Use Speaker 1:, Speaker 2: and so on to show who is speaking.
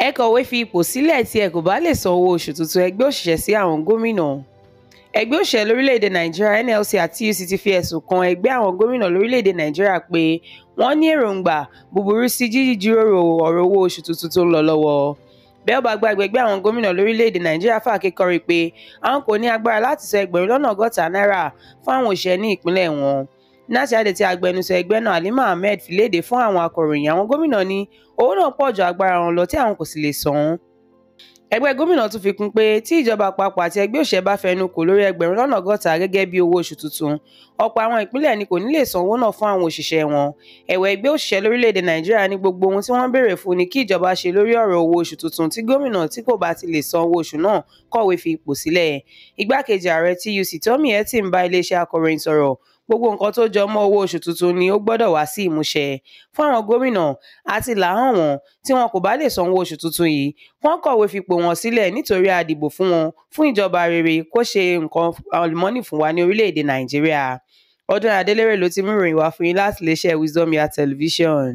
Speaker 1: ẹ kọ̀wé fi ipò sílẹ̀ tí ẹ kò bá lè san owó oṣù tuntun ẹgbẹ́ òṣìṣẹ́ sí àwọn gómìnà ẹgbẹ́ òṣìṣẹ́ lórílẹ̀‐èdè nàìjíríà NLC àti UCT fi ẹ̀sùn kan ẹgbẹ́ àwọn gómìnà lórílẹ̀‐èdè nàìjíríà pé wọ́n ní èròǹgbà búburú sí jíjíròrò ọ̀rọ̀ owó oṣù tuntun tó ń lọ lọ́wọ́ bẹ́ẹ̀ ọba gba ẹgbẹ́ àwọn gómìnà lórílẹ̀‐èdè nàìjíríà fàákékọrí pé àwọn kò ní agbára láti san ní àṣeyáde tí agbẹnusọ ẹgbẹ́ náà Halima Ahmed fi léde fún àwọn akọ̀ròyìn àwọn gómìnà ní owó náà pọ̀ ju agbára wọn lọ tí àwọn kò sì lè san án ẹgbẹ́ gómìnà tún fi kún pé tí ìjọba àpapọ̀ àti ẹgbẹ́ òṣèlú bá fẹnu kò lórí ẹgbẹ̀rún lọ́nà ọgọ́ta gẹ́gẹ́ bí owó oṣù tuntun ọ̀pọ̀ àwọn ìpínlẹ̀ ni kò ní lè san owó náà fún àwọn òṣìṣẹ́ wọn ẹ̀wẹ̀ ẹgbẹ́ òṣìṣẹ́ lórílẹ̀‐èdè nàìjíríà ní gbogbo ohun tí wọ́n béèrè fún ni kí ìjọba ṣe lórí ọ̀rọ̀ owó oṣù tuntun tí gómìnà tí kò bá ti lè san owó oṣù náà kọ̀wé fi ipò sílẹ̀ igbákejì ààrẹ TUC Tommy Etim bá iléeṣẹ́ akọ̀ròyìn sọ̀rọ̀ gbogbo nǹkan tó jọ mọ́ owó oṣù tuntun ni ó gbọ́dọ̀ wá sí ìmúṣẹ fún àwọn gómìnà àti làáhàn wọn tí wọn kò bá lè sanwó oṣù tuntun yìí wọ́n kọ̀wé fipò wọn sílẹ̀ nítorí a dìbò fún wọn fún ìjọba rere kó ṣe nǹkan àlùmọ́nì fún wa ní orílẹ̀-èdè nàìjíríà ọdún adélèrè ló ti mú ìròyìn wá fún yín láti iléeṣẹ́ wisdom yard television